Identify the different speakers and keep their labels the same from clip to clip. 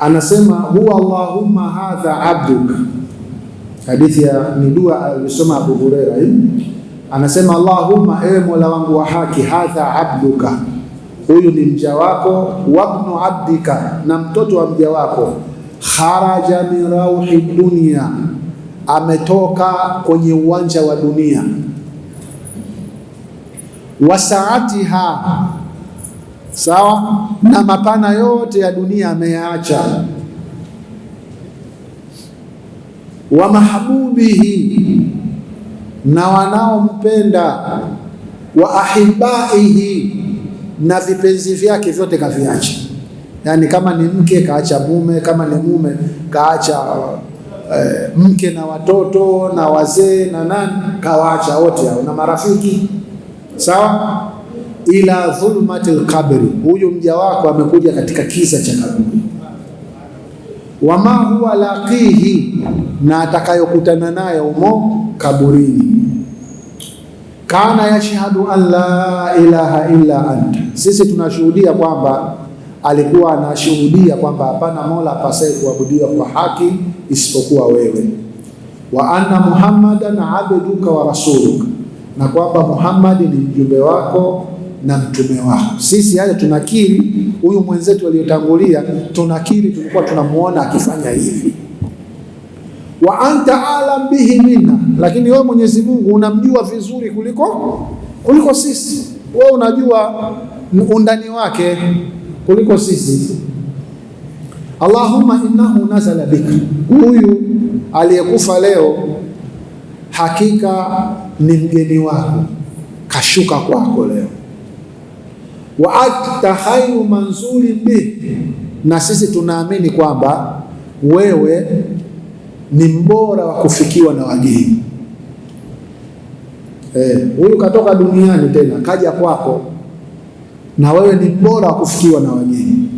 Speaker 1: anasema huwa Allahumma hadha abduka. Hadithi ya ni dua alisoma Abu Huraira hii, anasema Allahumma, ewe Mola wangu wa haki, hadha abduka, huyu ni mja wako, wabnu abdika, na mtoto wa mja wako, kharaja min rauhi dunia, ametoka kwenye uwanja wa dunia, wasaatiha sawa na mapana yote ya dunia ameyaacha. Wa mahbubihi, na wanaompenda. Wa ahibaihi, na vipenzi vyake vyote kaviacha. yaani kama ni mke kaacha mume, kama ni mume kaacha e, mke na watoto na wazee na nani, kawaacha wote hao na marafiki, sawa ila dhulmati lqabri, huyu mja wako amekuja katika kisa cha kaburi. Wama huwa laqihi, na atakayokutana naye umo kaburini. Kana yashhadu an la ilaha illa anta, sisi tunashuhudia kwamba alikuwa anashuhudia kwamba hapana mola apasaye kuabudiwa kwa haki isipokuwa wewe, wa anna muhammadan abduka wa rasuluka, na kwamba Muhammadi ni mjumbe wako na mtume wako. Sisi haya tunakiri, huyu mwenzetu aliyotangulia tunakiri, tulikuwa tunamuona akifanya hivi. Wa anta alam bihi minna, lakini wewe Mwenyezi Mungu unamjua vizuri kuliko kuliko sisi. Wewe unajua undani wake kuliko sisi. Allahumma innahu nazala bika, huyu aliyekufa leo hakika ni mgeni wako, kashuka kwako leo wa akta khairu manzuri bi, na sisi tunaamini kwamba wewe ni mbora wa kufikiwa na wageni. E, huyu katoka duniani tena kaja kwako, na wewe ni mbora wa kufikiwa na wageni.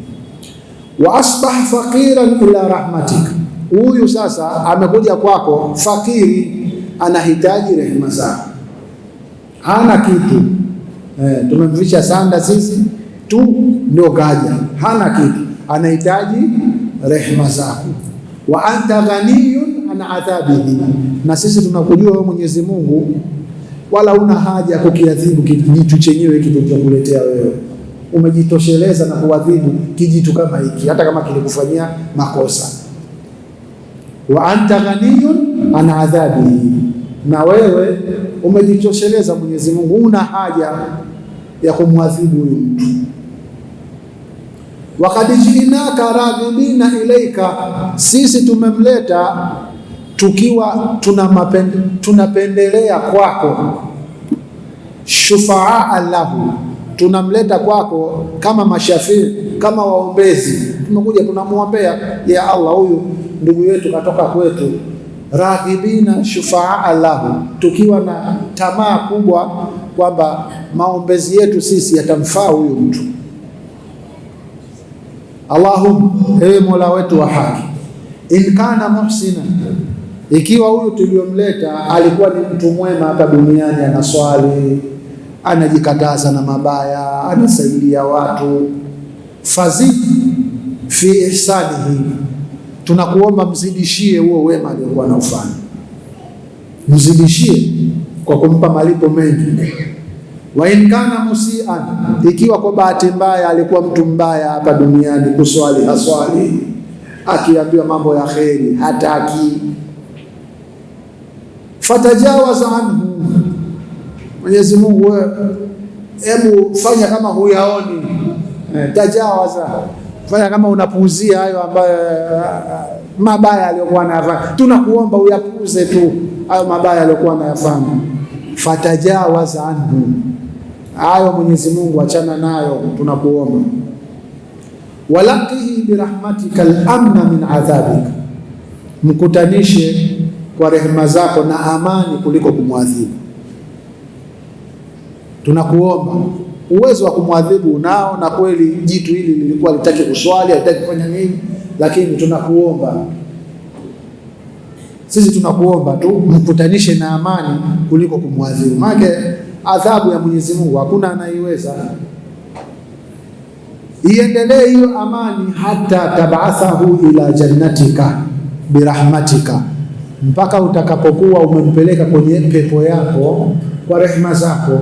Speaker 1: Wa asbah faqiran ila rahmatik huyu sasa amekuja kwako fakiri, anahitaji rehema zako, hana kitu eh, tumemvisha sanda sisi tu ndio kaja, hana kitu, anahitaji rehema zako. Wa anta ghaniyun an adhabihi, na sisi tunakujua wewe Mwenyezi Mungu, wala una haja kukiadhibu kijitu chenyewe kilichokuletea wewe. Umejitosheleza na kuadhibu kijitu kama hiki, hata kama kilikufanyia makosa. Wa anta ghaniyun an adhabihi, na wewe umejitosheleza Mwenyezi Mungu, huna haja ya kumwadhibu huyu mtu. Wakad jiinaka raghibina ilaika, sisi tumemleta tukiwa tunapendelea kwako. Shufaa lahu, tunamleta kwako kama mashafii, kama waombezi. Tumekuja tunamwombea, ya Allah, huyu ndugu yetu katoka kwetu raghibina shufaa lahu, tukiwa na tamaa kubwa kwamba maombezi yetu sisi yatamfaa huyu mtu. Allahum, ewe Mola wetu wa haki, in kana muhsina, ikiwa huyu tuliyomleta alikuwa ni mtu mwema, hapa duniani anaswali, anajikataza na mabaya, anasaidia watu, fazid fi ihsanihi Tunakuomba mzidishie huo wema aliokuwa anaufanya, mzidishie kwa kumpa malipo mengi. Wa in kana musian, ikiwa kwa bahati mbaya alikuwa mtu mbaya hapa duniani, kuswali haswali, akiambiwa mambo ya kheri hataki. Fatajawaza anhu, Mwenyezi Mungu, hebu fanya kama huyaoni, tajawaza fanya kama unapuuzia hayo ambayo eh, mabaya aliyokuwa anayafanya. Tunakuomba uyapuuze tu hayo mabaya aliyokuwa anayafanya. Fatajawaza anhu, hayo Mwenyezi Mungu achana nayo, tunakuomba. Walaqihi birahmatika al-amna min adhabika, mkutanishe kwa rehema zako na amani kuliko kumwadhibu, tunakuomba uwezo wa kumwadhibu unao, na kweli jitu hili lilikuwa litaki kuswali, litaki kufanya nini, lakini tunakuomba sisi tunakuomba tu mkutanishe na amani kuliko kumwadhibu. Maana adhabu ya Mwenyezi Mungu hakuna anaiweza, iendelee hiyo amani, hata tabathahu ila jannatika birahmatika, mpaka utakapokuwa umempeleka kwenye pepo yako kwa rehema zako.